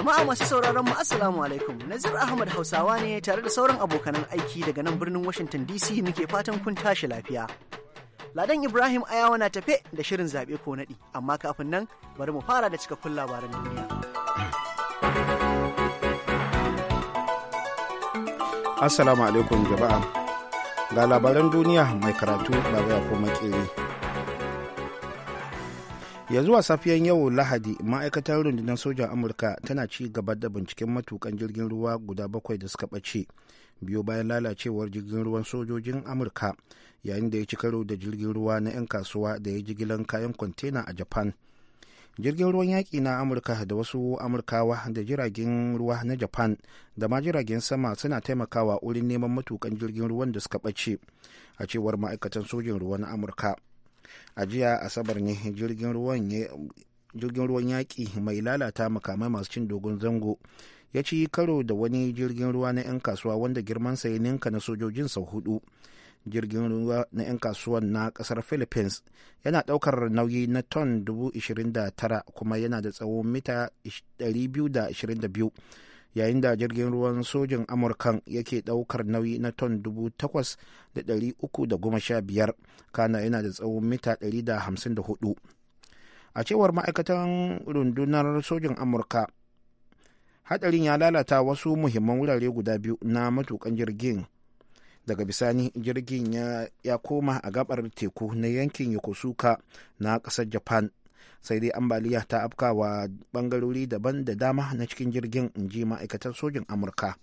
Jama'a masu sauraron mu Assalamu alaikum. Nazir Ahmad Hausawa ne tare da sauran abokanan aiki daga nan birnin Washington DC muke fatan kun tashi lafiya. Ladan Ibrahim Ayawa na tafe da shirin zaɓe ko naɗi, amma kafin nan bari mu fara da cikakkun labaran duniya. Assalamu alaikum jama'a. Ga labaran duniya mai karatu ba ko kuma makere. ya zuwa safiyan yau lahadi ma'aikatar rundunar sojan amurka tana ci gaba da binciken matukan jirgin ruwa guda bakwai da suka ɓace biyo bayan lalacewar jirgin ruwan sojojin amurka yayin da ya ci karo da jirgin ruwa na 'yan kasuwa da ya jigilan kayan kwantena a japan jirgin ruwan yaƙi na amurka da wasu amurkawa da jiragen ruwa na japan da ma jiragen sama suna taimakawa wurin neman matukan jirgin ruwan da suka ɓace a cewar ma'aikatan sojin ruwa na amurka a jiya asabar ne jirgin ruwan yaƙi mai lalata makamai masu cin dogon zango ya ci karo da wani jirgin ruwa na 'yan kasuwa wanda girmansa ya ninka na sojojin sau hudu jirgin ruwa na 'yan kasuwa na kasar philippines yana daukar nauyi na ton 29 kuma yana da tsawon mita 222 yayin da jirgin ruwan sojin amurkan yake daukar nauyi na ton dubu takwas da da uku sha biyar kana yana da tsawon mita 154 a cewar ma'aikatan rundunar sojin amurka hadarin ya lalata wasu muhimman wurare guda biyu na matukan jirgin daga bisani jirgin ya, koma a gabar teku na yankin yokosuka na kasar japan sai dai ambaliya ta afka wa bangarori daban da dama na cikin jirgin inji ma'aikatar sojin amurka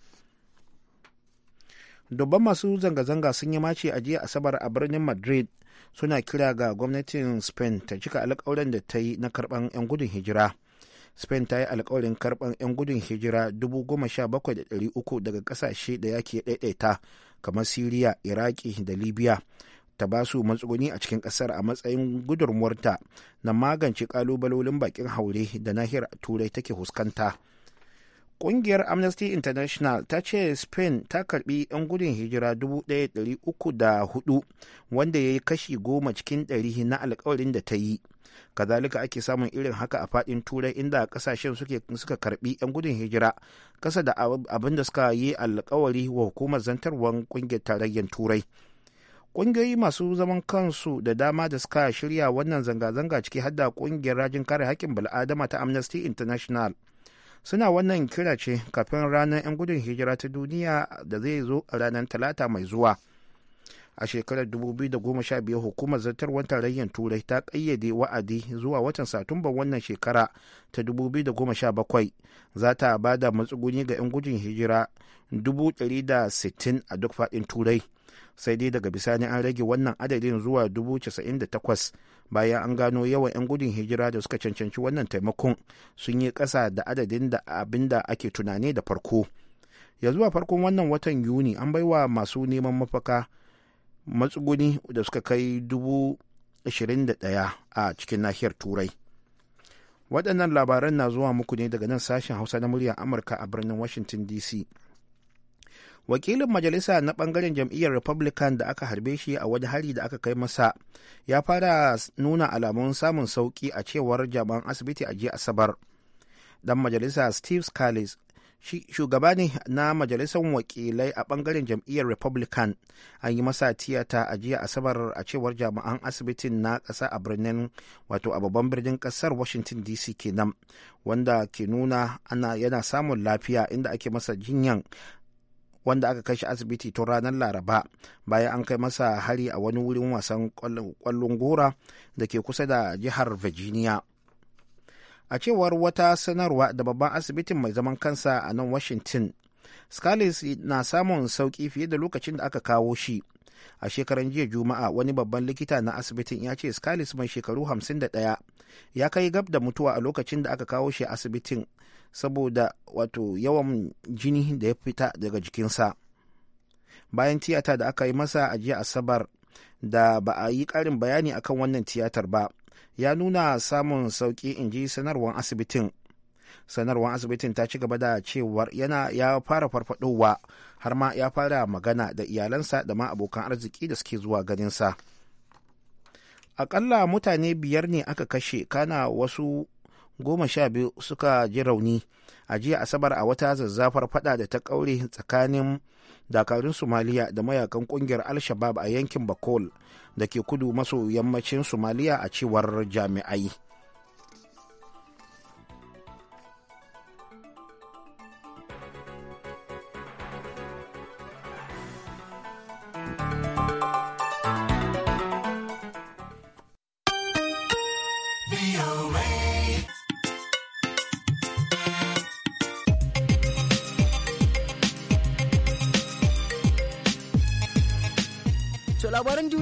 dubban masu zanga-zanga sun yi mace a jiya asabar a birnin madrid suna kira ga gwamnatin spain ta cika alkawarin da ta yi na karban 'yan gudun hijira spain ta yi alkawarin karban 'yan gudun hijira 17,300 daga kasashe da yake daidaita kamar syria iraki da libya ta ba su matsuguni a cikin ƙasar a matsayin gudunmuwarta na magance ƙalubalolin bakin haure da nahiyar turai take huskanta ƙungiyar amnesty international ta ce spain ta karbi 'yan gudun hijira 1,304 wanda ya yi kashi goma cikin ɗari na alkawarin da ta yi kazalika ake samun irin haka a fadin turai inda kasashen suka karbi 'yan gudun hijira kasa da abin da suka yi alkawari wa hukumar zantarwar kungiyar tarayyar turai ƙungiyoyi masu zaman kansu da dama da suka shirya wannan zanga-zanga ciki hadda ƙungiyar rajin kare haƙƙin bil'adama ta amnesty international suna wannan kira ce kafin ranar 'yan gudun hijira ta duniya da zai zo a ranar talata mai zuwa a shekarar 2015 hukumar zartarwar tarayyar turai ta ƙayyade wa'adi zuwa watan satumba wannan shekara ta 2017 za ta ba da matsuguni ga 'yan gudun hijira 160 a duk faɗin turai sai dai daga bisani an rage wannan adadin zuwa dubu casa'in da takwas bayan an gano yawan 'yan gudun hijira da suka cancanci wannan taimakon sun yi ƙasa da adadin da abin da ake tunani da farko ya zuwa farkon wannan watan yuni an bai wa masu neman mafaka matsuguni da suka kai dubu ashirin da ɗaya a cikin nahiyar turai waɗannan labaran na zuwa muku ne daga nan sashen hausa na muryar amurka a birnin washington dc wakilin majalisa na bangaren jam'iyyar republican da aka harbe shi a wani hari da aka kai masa ya fara nuna alamun samun sauki a cewar jami'an asibiti a jiya asabar dan majalisa steve scalise shugaba ne na majalisar wakilai a bangaren jam'iyyar republican an yi masa tiyata a jiya asabar a cewar jami'an asibitin na ƙasa a birnin wato a babban birnin ƙasar washington dc kenan wanda ke nuna ana yana samun lafiya inda ake masa jinyan wanda aka kai shi asibiti tun ranar laraba bayan an kai masa hari a wani wurin wasan kwallon gora da ke kusa da jihar virginia a cewar wata sanarwa da babban asibitin mai zaman kansa a nan washington scalise na samun sauki fiye da lokacin da aka kawo shi. A shekaran jiya Juma'a wani babban likita na asibitin ya ce scalise mai shekaru 51 ya kai gab da mutuwa a lokacin da aka kawo shi asibitin saboda wato yawan jini da ya fita daga jikinsa bayan tiyata da aka yi masa a jiya asabar da ba a yi ƙarin bayani akan wannan tiyatar ba ya nuna samun sauki in ji sanarwar asibitin sanarwar asibitin ta ci gaba da cewar yana ya fara farfadowa har ma ya fara magana da iyalansa da ma abokan arziki da suke zuwa ganinsa aƙalla mutane biyar ne aka kashe kana wasu goma sha biyu suka ji rauni a jiya asabar a wata zazzafar fada da ta kaure tsakanin dakarun somaliya da mayakan kungiyar al-shabab a yankin bakol da ke kudu maso yammacin somaliya a cewar jami'ai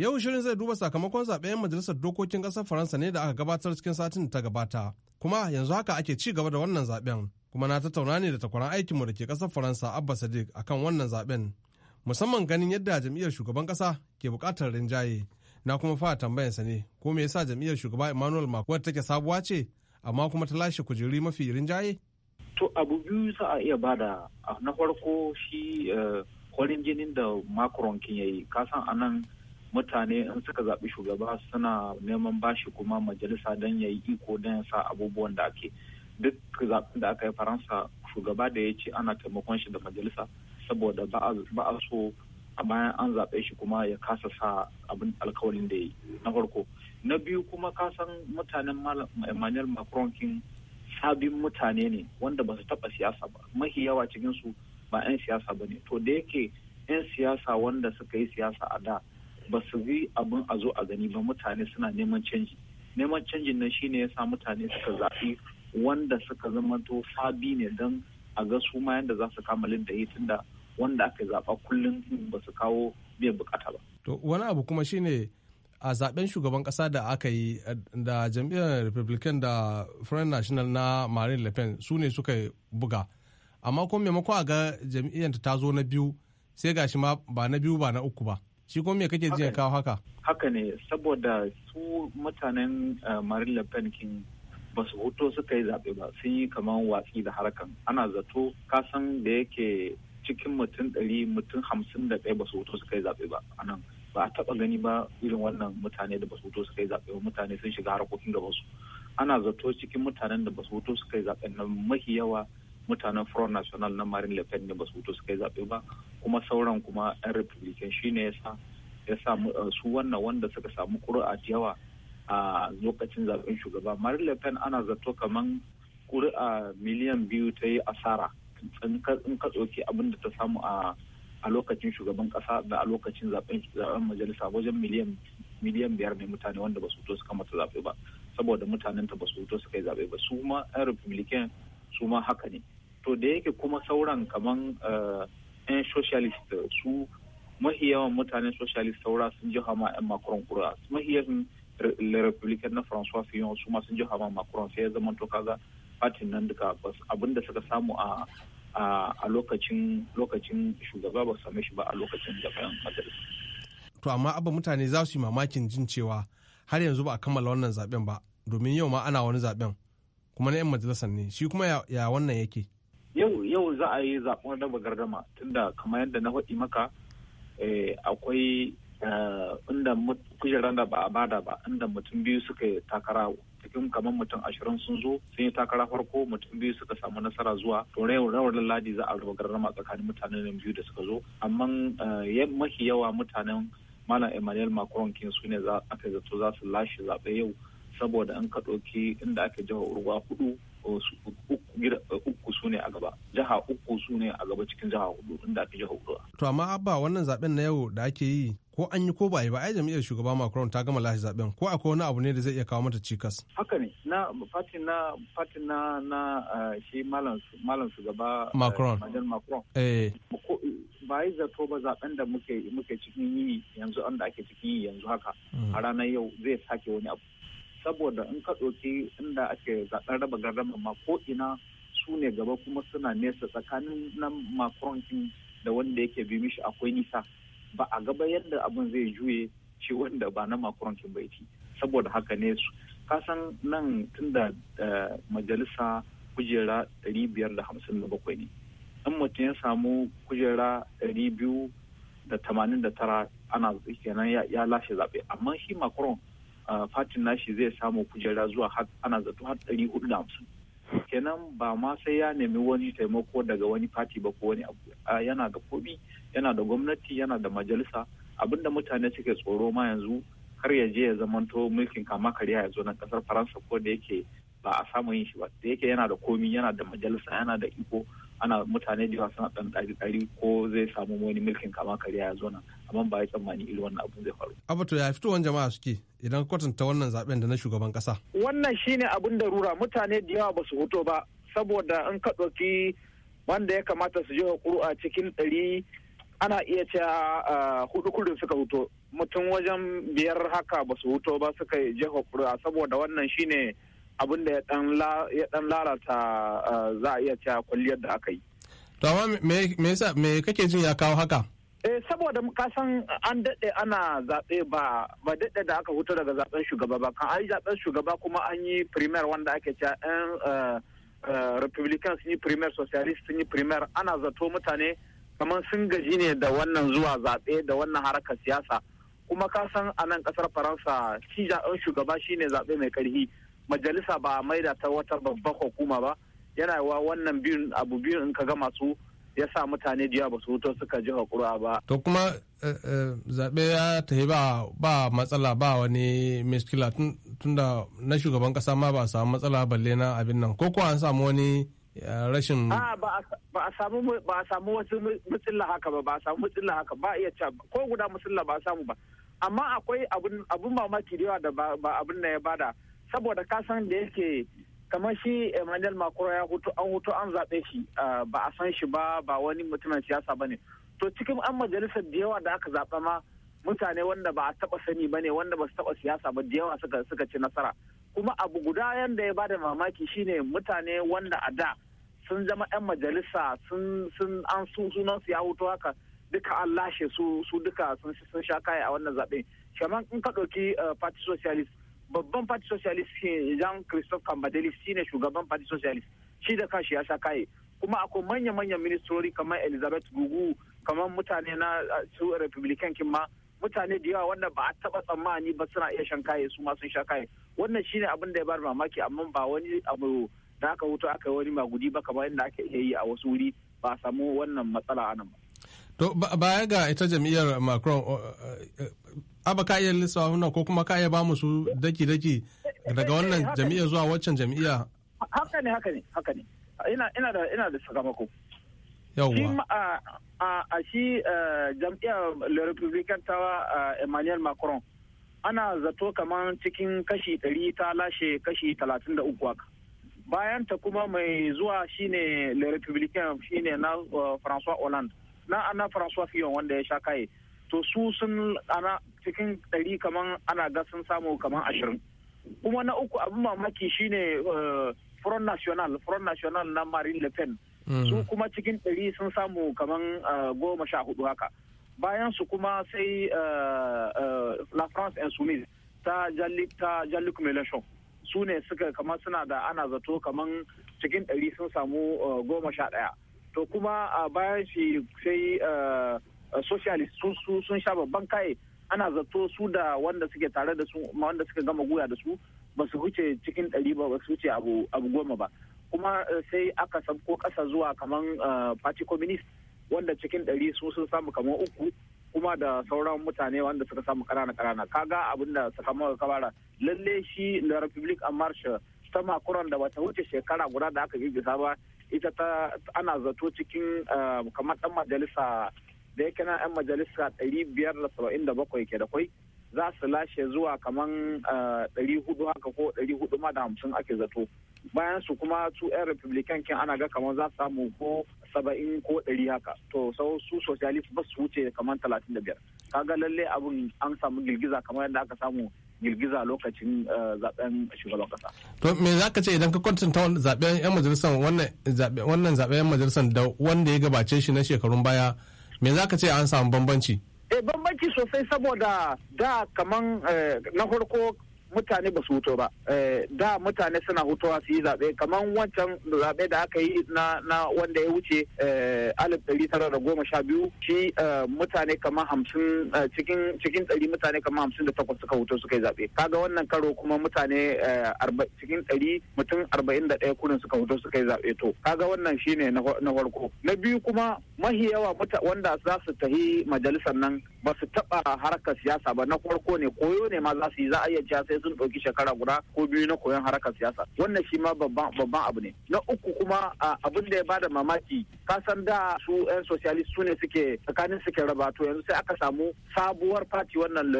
Yau shirin zai duba sakamakon zaɓen majalisar dokokin ƙasar Faransa ne da aka gabatar cikin satin da ta gabata. Kuma yanzu haka ake ci gaba da wannan zaɓen. Kuma na tattauna ne da takwaran aikinmu da ke ƙasar Faransa Abba Sadiq akan wannan zaɓen. Musamman ganin yadda jam'iyyar shugaban ƙasa ke buƙatar rinjaye. Na kuma fara sa ne ko me yasa jam'iyyar shugaba Emmanuel Macron take sabuwa ce amma kuma ta lashe kujeri mafi rinjaye? To abu biyu za a iya bada na farko shi eh, kwarin jinin da Macron kin yayi kasan anan mutane in suka zaɓi shugaba suna neman bashi kuma majalisa don ya yi iko don ya sa abubuwan da ake duk zaɓen da aka yi faransa shugaba da ya ce ana taimakon shi da majalisa saboda ba a so a bayan an zaɓe shi kuma ya kasa sa abin alkawarin da ya yi na farko na biyu kuma ka san mutanen emmanuel macron kin sabin mutane ne wanda ba su taɓa siyasa ba mahi yawa cikinsu ba 'yan siyasa ba ne to da yake 'yan siyasa wanda suka yi siyasa a da ba su yi abin a zo a gani ba mutane suna neman canji neman canjin nan shine ya sa mutane suka zaɓi wanda suka zama to sabi ne don a ga su ma yadda za su kama da yi tunda wanda aka zaɓa kullum ba su kawo biyan bukata ba. To wani abu kuma shine a zaben shugaban kasa da aka yi da jam'iyyar republican da foreign national na marine le pen su ne suka buga amma kuma maimakon a ga jam'iyyar ta zo na biyu sai gashi ma ba na biyu ba na uku ba shi kuma me kake ji kawo haka haka ne saboda su mutanen eh, marin Le Pen kin ba su hoto suka yi zaɓe ba sun yi kamar watsi da harkan ana zato kasan da yake cikin mutum ɗari mutum hamsin da ɗaya ba su hoto suka yi zaɓe ba a nan ba a taɓa gani ba irin wannan mutane da ba su hoto suka yi zaɓe ba mutane sun shiga harkokin su. ana zato cikin mutanen da ba su hoto suka yi zaɓe nan mafi yawa mutanen front national na marine le pen ne ba su wuto su yi zaɓe ba kuma sauran kuma yan republican shine ya ya sa eh, su wannan wanda suka samu kuri'a da yawa a lokacin zaɓen shugaba marine le pen ana zato kaman kuri'a miliyan biyu ta yi asara in ka ɗauki abin da ta samu a a lokacin shugaban kasa da a lokacin zaben majalisa wajen miliyan biyar ne mutane wanda ba su fito mata zaɓe ba saboda mutanen ta ba su wuto su yi zaɓe ba su ma yan republican su ma haka ne to da yake kuma sauran kamar yan eh, socialist su mahi yawan mutanen socialist saura sun ji hama yan macron kura mahi yawan republican na francois fillon su ma sun ji hama macron sai ya zama to kaga fatin nan duka abin da suka samu a a lokacin lokacin shugaba ba same shi ba a lokacin da bayan to amma abin mutane za su yi mamakin jin cewa har yanzu ba a kammala wannan zaben ba domin yau ma ana wani zaben kuma na 'yan majalisar ne shi kuma ya wannan yake yau yau za a yi zaɓen raba gardama tunda kamar yadda na faɗi maka eh, akwai eh, inda kujerar da ba a bada ba inda mutum biyu suka yi takara cikin kamar mutum ashirin sun zo sun yi takara farko mutum biyu suka samu nasara zuwa to rawar ladi za a raba gardama tsakanin mutanen biyu da suka zo amma eh, mafi yawa mutanen malam emmanuel macron kin su ne za a kai zato za su lashe zaɓe yau saboda an ka ɗauki inda aka jiha urwa hudu uku su ne a gaba jiha uku su ne a gaba cikin jiha hudu inda aka jiha urwa. to amma abba wannan zaben na yau da ake yi ko an yi ko ba yi ba ai jam'iyyar shugaba macron ta gama lashe zaben ko akwai wani abu ne da zai iya kawo mata cikas haka ne na Fati na Fati na na ah, shi malam malam shugaba ah, macron macron eh ba yi zato ba zaben da muke muke cikin yi yanzu an da ake cikin yi yanzu haka mm. a ranar yau zai sake wani abu saboda in ka ɗauki inda ake zaɓen raba gardama ma ko ina su ne gaba kuma suna nesa tsakanin nan Macron da wanda yake bi mishi akwai nisa ba a gaba yadda abin zai juye shi wanda ba na Macron bai ci saboda haka ne su kasan nan tunda eh, majalisa kujera 557 ne in mutum ya samu kujera 289 ana kenan ya lashe zaɓe amma shi Macron fatin nashi zai samu kujera zuwa ana zato har ɗari hudu da hamsin kenan ba ma sai ya nemi wani taimako daga wani fati ba ko wani abu yana da kobi yana da gwamnati yana da majalisa abinda mutane suke tsoro ma yanzu kar ya je ya zamanto mulkin kama karya ya zo na kasar faransa ko da yake ba a samu yin shi ba da yake yana da komi yana da majalisa yana da iko ana mutane da yawa suna ɗan ɗari ko zai samu wani mulkin kama karya ya zo nan amma ba ya tsammani irin wannan abun zai faru. Abato ya fitowar jama'a suke idan kwatanta wannan zaben da na shugaban kasa. Wannan shine abun da rura mutane da yawa ba su fito ba saboda in ka ɗauki wanda ya kamata su je wa ƙuru'a cikin ɗari ana iya cewa hudu kudin suka huto mutum wajen biyar haka ba su huto ba suka wa ƙuru'a saboda wannan shine abin da ya dan lalata za a iya cewa kwalliyar da aka yi. Tawa amma me sa me kake jin ya kawo haka? Eh saboda kasan an daɗe ana zaɓe ba ba daɗe da aka hutu daga zaɓen shugaba ba kan ayi zaɓen shugaba kuma an yi primer wanda ake cewa yan eh, eh, republican sun yi primer socialist sun yi primer ana zato mutane kamar sun gaji ne da wannan zuwa zaɓe da wannan harkar siyasa kuma kasan san a nan ƙasar faransa shi zaɓen shugaba shine zaɓe mai ƙarfi majalisa ba a maida ta wata babbar hukuma ba yana wa wannan biyun abu biyun in ka ga masu. ya sa mutane jiya ba su wuto suka ji hakura ba. To kuma eh, eh, zaɓe ya tafi ba ba matsala ba wani miskila tunda na shugaban ƙasa ma ba a samu matsala balle na abin nan ko ko an samu wani eh, rashin. ba a samu ba a samu wasu mutsila haka ba ba a samu mutsila haka ba iya ca ko guda mutsila ba a samu ba amma akwai abun mamaki da yawa da ba abin na ya bada saboda kasan da yake kamar shi emmanuel makura ya hutu an hutu an zaɓe shi ba a san shi ba ba wani mutumin siyasa ba ne to cikin an majalisar da yawa da aka zaɓa ma mutane wanda ba a taɓa sani ba ne wanda ba su taɓa siyasa ba da yawa suka ci nasara kuma abu guda yanda ya bada mamaki shine mutane wanda a da sun zama 'yan majalisa sun sun an su sunan su ya hutu haka duka an lashe su su duka sun sha kaya a wannan zaɓe kamar in ka ɗauki eh, party socialist babban party socialist jean christophe kambadeli ne shugaban party socialist shi da kashi ya sha kaye kuma akwai manya-manyan ministrori kamar elizabeth gugu kamar mutane na su republican kin ma mutane da yawa wanda ba a taba tsammani ba suna iya shan kaye su ma sun sha kaye wannan shine abin da ya bar mamaki amma ba wani abu da aka wuto aka yi wani magudi ba kamar yadda aka iya yi a wasu wuri ba a samu wannan matsala a nan ba. To baya ga ita jam'iyyar Macron aba ah, ka iya lissa nan ko kuma ka iya bamu su daki-daki daga wannan jami'a zuwa waccan jami'a. Haka ne haka ne haka ne ina da ina da sakamako. Yawwa. A shi eh, jami'a Le Republican tawa eh, Emmanuel Macron ana zato kamar cikin kashi 100 ta lashe kashi talatin da uku haka. Bayan ta kuma mai zuwa shine Le Republican shine na eh, François Hollande na ana François Fillon wanda ya sha kaye. to su sun ana cikin ɗari kaman ana ga sun samu kaman ashirin kuma na uku abin mamaki shine eh, front national front national na marine le pen mm. su kuma cikin ɗari sun samu kaman eh, goma sha hudu haka bayan su kuma sai eh, la france insoumise ta jallik melechon su ne suka kamar suna da ana zato kaman cikin ɗari sun samu goma sha ɗaya to kuma bayan shi sai socialist sun sha babban kai ana zato su da wanda suke tare da su wanda suka gama guya da su ba su huce cikin ɗari ba ba su huce abu goma ba kuma eh, sai aka sabko ƙasa zuwa kamar eh, party communist wanda cikin ɗari su sun samu kamar uku kuma da sauran mutane wanda suka samu ƙanana ƙanana kaga abin da mawa kabara lalle shi la republic a marshal ta makuran da bata wuce shekara guda da aka girgiza ba ita ta ana zato cikin eh, kamar ɗan majalisa da ya kana 'yan majalisa 577 ke da kwai za su lashe zuwa kaman 400 eh, haka ko 400 ma da hamsin ake zato bayan su kuma su 'yan republican kin ana ga kamar za su samu ko 70 ko 100 haka to sau su socialist ba su wuce kaman 35 kaga lalle abun an samu girgiza kamar yadda aka samu girgiza lokacin eh, zaben shugaban kasa. To me za ka ce idan ka kwantanta zaben 'yan majalisar wannan zaben 'yan majalisar da wanda ya gabace shi na shekarun baya me za ka ce an samu bambanci eh bambanci sosai saboda da kaman eh, na farko mutane ba su huto ba eh, da mutane suna hutowa su yi zaɓe kamar wancan zaɓe da aka yi na wanda ya wuce eh, alif ɗari tara da goma sha biyu shi eh, mutane kamar hamsin cikin ɗari mutane kamar hamsin da takwas suka huto suka yi zaɓe kaga wannan karo kuma mutane cikin ɗari mutum arba'in da ɗaya kurin suka huto suka yi zaɓe to kaga wannan shine na farko na biyu kuma mahi yawa wanda za su tahi majalisar nan ba su taɓa harkar siyasa ba na farko ne koyo ne ma za su yi za a iya sai sun ɗauki shekara guda ko biyu na koyon harkar siyasa wannan shi ma babban abu ne na uku kuma abin da ya bada mamaki ka san da su yan socialist su ne suke tsakanin suke raba to yanzu sai aka samu sabuwar fati wannan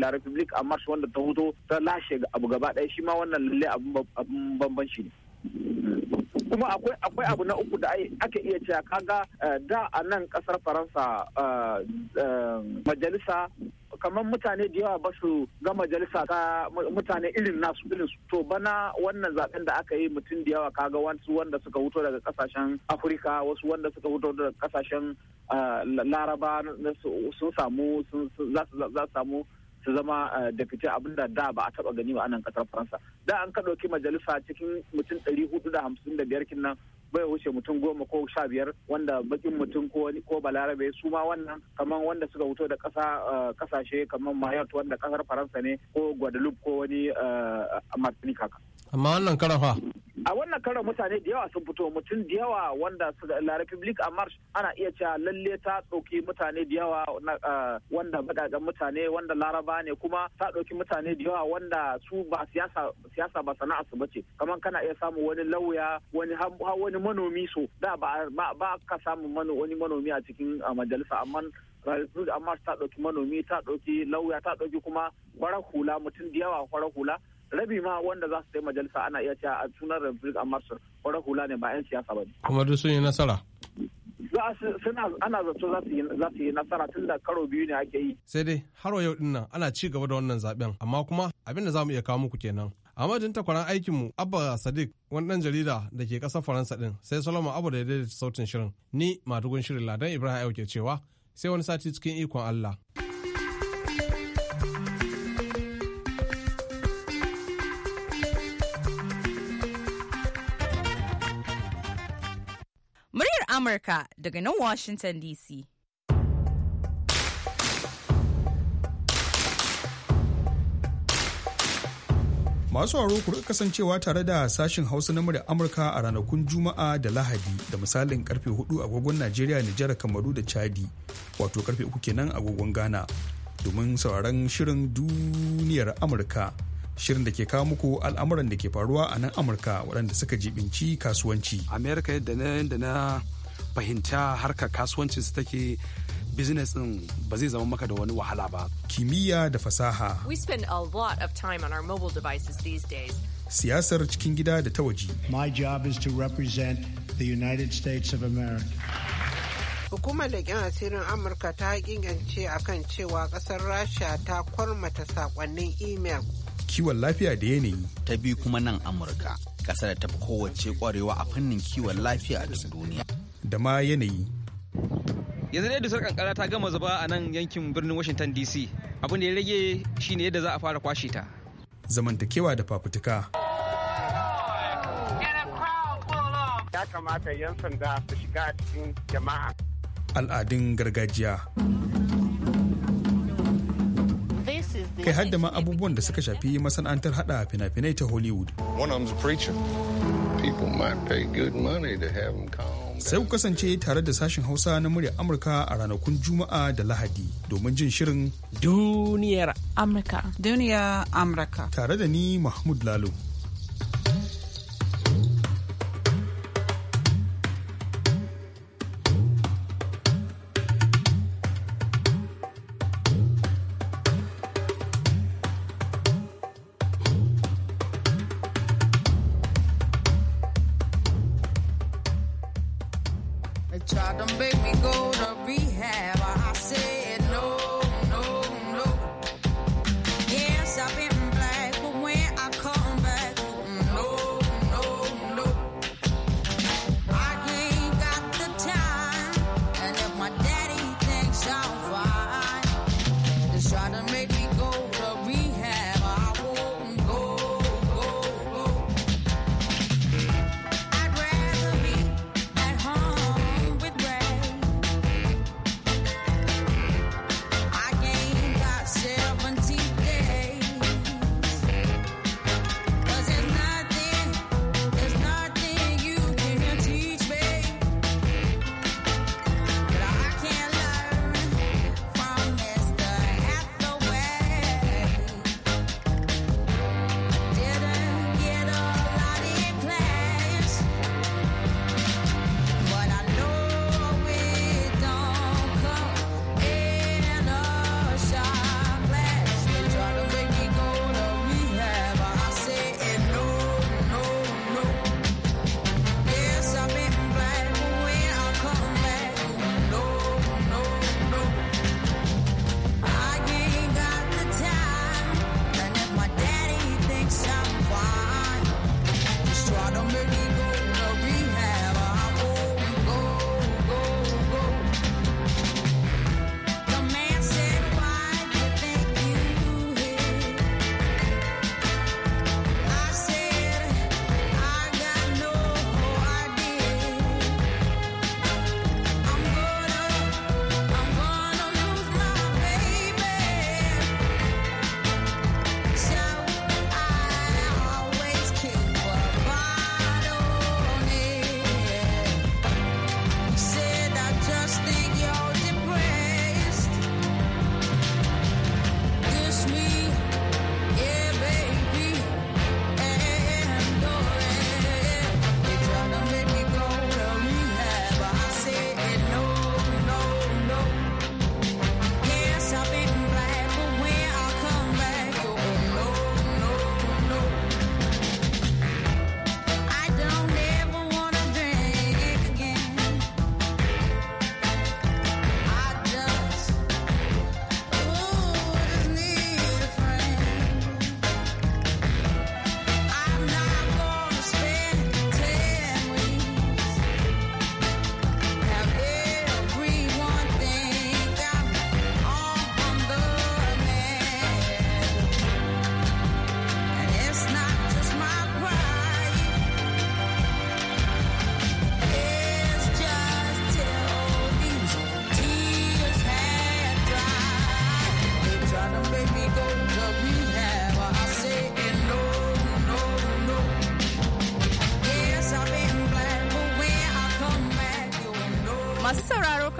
la republic a mars wanda ta huto ta lashe abu gaba ɗaya shi ma wannan lalle abin bambanci ne kuma akwai akwai abu na uku da ake iya cewa kaga eh, da a nan kasar faransa eh, eh, majalisa kamar mutane da yawa ba su ga majalisa ka mutane irin nasu irin su to bana wannan zaben da aka yi mutum da yawa kaga wasu wanda suka huto daga kasashen afirka wasu wanda suka huto daga kasashen laraba sun samu za su samu su zama eh, dakace abin da da ba a taba gani ba anan kasar faransa da an ka ɗauki majalisa cikin mutum ɗari hudu da hamsin da biyar kinnan bai wuce mutum goma ko sha biyar wanda bakin mutum ko wani ko balarabe su ma wannan kamar wanda suka wuto da ƙasa kasashe eh, kamar mayotte wanda kasar faransa ne ko guadeloupe ko wani eh, martinique haka amma wannan karan fa a wannan karan mutane da yawa sun fito mutum da yawa wanda la republic a march ana iya cewa lalle ta dauki mutane da yawa wanda bakaken mutane wanda laraba ne kuma ta dauki mutane da yawa wanda su ba siyasa siyasa ba sana'a su bace kamar kana iya samun wani lauya wani wani manomi so da ba ba ka mano wani manomi a cikin majalisa amma amma ta ɗauki manomi ta ɗauki lauya ta ɗauki kuma kwarar hula mutum da yawa kwarar hula rabi ma wanda za su sai majalisa ana iya cewa a sunan republic amma su kwarar hula ne ba 'yan siyasa ba ne. kuma duk sun yi nasara. ana zato za su yi nasara tun da karo biyu ne ake yi. Sai dai har yau din nan ana ci gaba da wannan zaben amma kuma abin da za mu iya kawo muku kenan. A madadin takwaran mu Abba Sadiq wani dan jarida da ke kasar Faransa din sai Solomon Abu da ya daidaita sautin shirin ni madugun shirin Ladan Ibrahim Ayo ke cewa sai wani sati cikin ikon Allah. Amurka daga nan Washington DC. Masu haro ku rika kasancewa tare da sashin Hausa na murya Amurka a ranakun Juma'a da Lahadi da misalin karfe 4 agogon Najeriya, Nijar, Kamaru da Chadi, wato karfe 3 kenan agogon Ghana. Domin sauraron shirin duniyar Amurka, shirin da ke kawo muku al'amuran da ke faruwa a nan Amurka waɗanda suka jibinci kasuwanci. Amerika yadda na fahimta harkar kasuwancin su take business din ba zai zama maka da wani wahala ba. Kimiyya da fasaha. We spend a lot of time on our mobile devices these days. Siyasar cikin gida da ta waje. My job is to represent the United States of America. Hukumar da leƙen asirin Amurka ta a kan cewa ƙasar Rasha ta kwarmata sakonnin imel. Kiwon lafiya da yanayi. Ta bi kuma nan Amurka, ƙasa da ta fi kowace ƙwarewa a fannin kiwon lafiya a duniya. da ma yanayi yanzu ne dusar kankara ta gama zuba a nan yankin birnin washington dc abin da ya rage shine yadda za a fara kwashe ta zamantakewa da fafutuka ya kamata 'yan sanda su shiga a cikin jama'a al'adun gargajiya kai hadda ma abubuwan da suka shafi masana'antar hada fina-finai ta hollywood them is a preacher people might pay good money to have them come sai ku kasance tare da sashin hausa na murya amurka a ranakun juma'a da lahadi domin jin shirin duniyar amurka duniyar amurka tare da ni mahmud lalo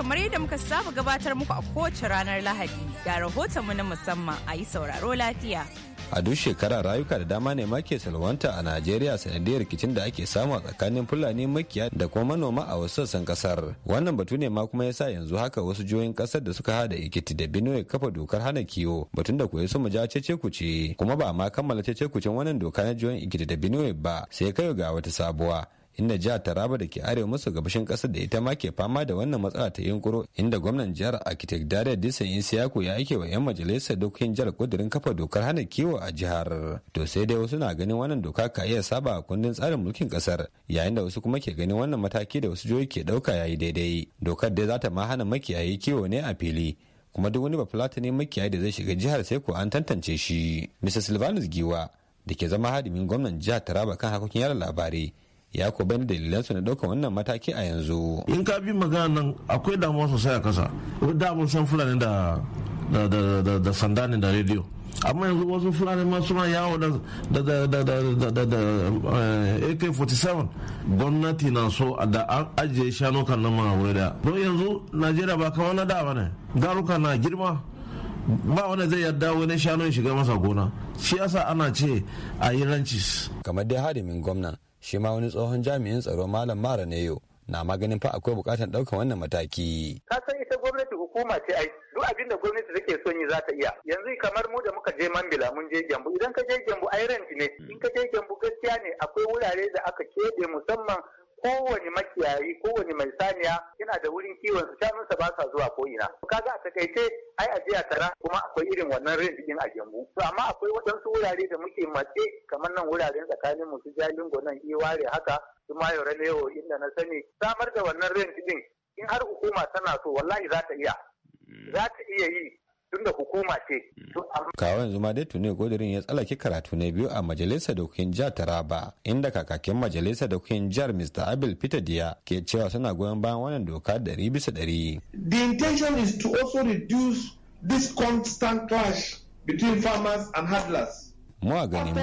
kamar yadda muka saba gabatar muku a kowace ranar Lahadi da rahotonmu na musamman a yi sauraro lafiya. A duk shekara rayuka da dama ne ke salwanta a Najeriya sanadiyar rikicin da ake samu a tsakanin Fulani makiya da kuma manoma a wasu sassan kasar. Wannan batu ne ma kuma yasa yanzu haka wasu jihohin kasar da suka hada ikiti da Benue kafa dokar hana kiwo batun da koyi mu ja cece kuce kuma ba ma kammala cece wannan doka na jihohin ikiti da Benue ba sai kai ga wata sabuwa. inda jihar taraba da ke arewa maso gabashin kasar da ita ma ke fama da wannan matsala ta yunkuro inda gwamnan jihar architect dariya disan insiyaku ya ake wa 'yan majalisar dokokin jihar kudirin kafa dokar hana kiwo a jihar to sai dai wasu na ganin wannan doka ka iya saba a kundin tsarin mulkin kasar yayin da wasu kuma ke ganin wannan mataki da wasu jihohi ke dauka yayi daidai dokar dai za ta ma hana makiyayi kiwo ne a fili kuma duk wani bafulata ne makiyayi da zai shiga jihar sai ko an tantance shi mr silvanus giwa da ke zama hadimin gwamnan jihar taraba kan harkokin yara labarai ya ko bani dalilan su na dauka wannan mataki a yanzu in ka bi magana nan akwai damuwa sosai a kasa da mun san fulani da da sanda ne da rediyo amma yanzu wasu fulani ma suna yawo da ak-47 gwamnati na so da an ajiye shanu kan nan mana wuri da don yanzu najeriya ba kamar na da ne garuka na girma ba wanda zai yarda wani shanu shiga masa gona shi yasa ana ce a yi rancis kamar dai hadimin gwamnan shi ma wani tsohon jami'in tsaro malam mara ne yau na maganin fa akwai bukatar ɗaukar wannan mataki. Ka san ita gwamnati hukuma ce ai duk abin da gwamnati take son yi za ta iya yanzu kamar mu da muka je mambila mun je gyambu idan ka je gyambu ai ne in ka je gyambu gaskiya ne akwai wurare da aka keɓe musamman kowane makiyayi kowane mai saniya yana da wurin kiwon su shanunsa ba sa zuwa ko ina kaga a takaice ai ajiya tara kuma akwai irin wannan rin a gembu to amma akwai waɗansu wurare da muke matse kamar nan wuraren tsakanin mu su jalingo nan iware haka su mayore lewo inda na sani samar da wannan rin in har hukuma tana so wallahi za ta iya mm. za ta iya yi tun hukuma ce. Hmm. Kawo yanzu ma dai tuni godirin ya tsallake karatu na biyu a majalisar dokokin jihar Taraba inda kakakin majalisar dokokin jihar Mr. Abel Peter Diya ke cewa suna goyon bayan wannan doka da ɗari bisa ɗari. The intention is to also reduce this constant clash between farmers and hustlers. mu a gani mu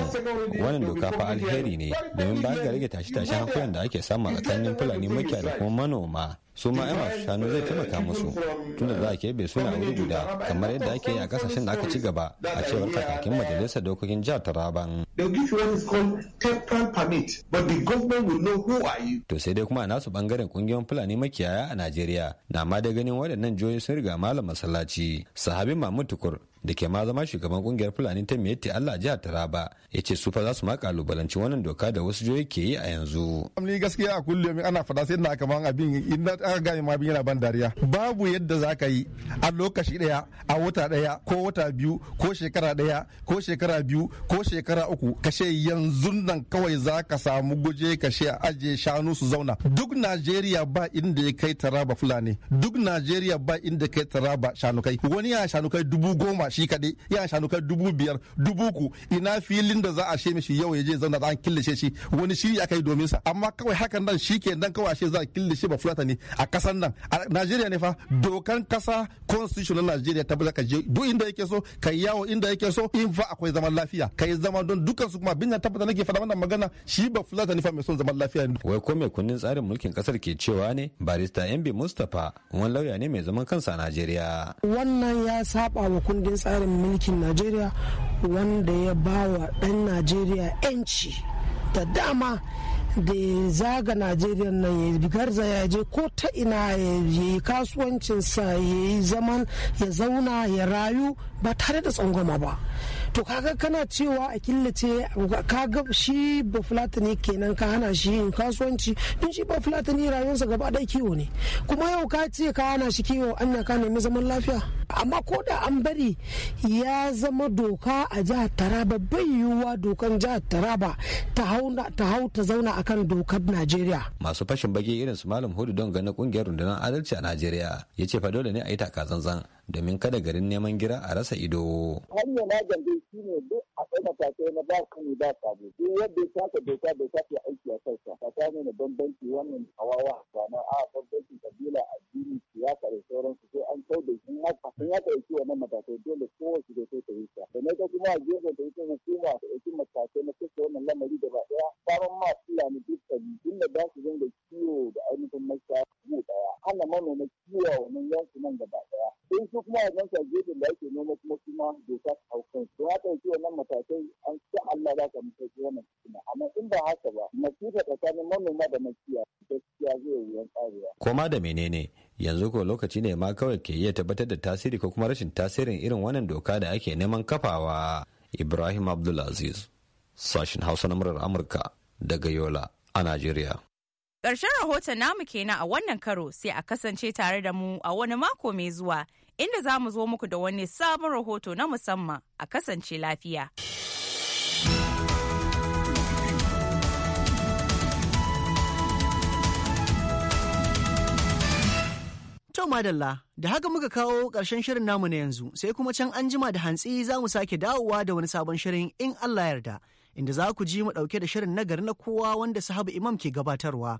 wannan doka fa alheri ne domin ba ga rage tashi tashi hankulan da ake samu a tsakanin fulani makiya da kuma manoma su ma yan shanu zai taimaka musu tunda za a keɓe suna wuri guda kamar yadda ake yi a kasashen da aka ci gaba a cewar kakakin majalisar dokokin jihar taraban to sai dai kuma a nasu bangaren kungiyoyin fulani makiyaya a najeriya na ma da ganin waɗannan jihohi sun riga malam masallaci sahabi mahmud tukur da ke ma zama shugaban kungiyar fulani ta meti allah jihar taraba ya ce su fa za su ma kalubalanci wannan doka da wasu jihohi ke yi a yanzu. ni gaskiya a kullum ana fada sai na kaman abin inda aka gane ma abin yana ban dariya babu yadda za ka yi a lokaci daya a wata daya ko wata biyu ko shekara daya ko shekara biyu ko shekara uku kashe yanzu nan kawai za ka samu guje kashe a ajiye shanu su zauna duk najeriya ba inda ya kai taraba fulani duk najeriya ba inda kai taraba shanukai wani ya shanukai dubu goma shi kaɗai yana shanukar dubu biyar dubu ku ina filin da za a she mishi yau ya je zauna a killace shi wani shiri aka yi domin sa amma kawai hakan nan shi ke nan kawai ashe za a killace ba fulata ne a kasan nan a najeriya ne fa dokan kasa constitution na Najeriya ta ka je duk inda yake so ka yawo inda yake so in fa akwai zaman lafiya ka yi zama don dukkan su kuma bin ya tabbata nake faɗa wannan magana shi ba fulata ni fa mai son zaman lafiya ne wai ko mai kunnin tsarin mulkin kasar ke cewa ne barista MB Mustapha wani lauya ne mai zaman kansa a Najeriya wannan ya saba wa kundin tsarin mulkin Najeriya wanda ya ba wa ɗan Najeriya 'yanci da dama da ya zaga najeriya na ya garza ya je ko ta ina ya yi kasuwancinsa ya yi zaman ya zauna ya rayu ba tare da tsangwama ba to kaga kana cewa a killace kaga shi ba fulatani kenan ka hana shi yin kasuwanci don shi ba fulatani rayuwarsa gaba ɗaya kiwo ne kuma yau ka ce ka hana shi kiwo an na ka nemi zaman lafiya amma ko da an bari ya zama doka a jihar taraba bai yiwuwa dokan jihar taraba ta hau ta zauna akan dokar najeriya masu fashin bage irin su malam hudu don ganin kungiyar rundunar adalci a najeriya ya ce fa dole ne a yi taka zanzan domin kada garin neman gira a rasa ido. Hanyar na gambe shi ne duk matakai na ba su ne ba sabo Duk yadda ya saka doka ta ke aiki a kansa. Tsakanin da bambanci wannan hawawa ba na a bambanci kabila addini siyasa da sauransu sai an kau da shi ka Sun ya ɗauki wannan matakai dole kowace da ta yi ta. Da na ga kuma a gefen da ita hukuma ta ɗauki matakai na kusa wannan lamari da ba. ɗaya. Sabon ma fila Fulani tun da ba su zanga ciwo da ainihin masha ɗaya. Hana manoma kiwo wannan yankunan gaba sai su kuma a sa gefen da ake noma kuma kuma doka ta hau su ya ɗauki wannan matakai an Allah za ka mutu mutaki wannan kuma amma in ba haka ba masifa tsakanin manoma da makiya gaskiya zai yi wuyan karewa koma da menene yanzu ko lokaci ne ma kawai ke iya tabbatar da tasiri ko kuma rashin tasirin irin wannan doka da ake neman kafawa Ibrahim Abdulaziz sashin Hausa na murar Amurka daga Yola a Najeriya Ƙarshen rahoton namu kenan a wannan karo sai a kasance tare da mu a wani mako mai zuwa inda za mu zo muku da wani sabon rahoto na musamman a kasance lafiya. To madalla, da haka muka kawo ƙarshen shirin namu na yanzu, sai kuma can an jima da hantsi za mu sake dawowa da wani sabon shirin in Allah yarda, inda za ku ji mu ɗauke da shirin na gari na kowa wanda sahabu imam ke gabatarwa.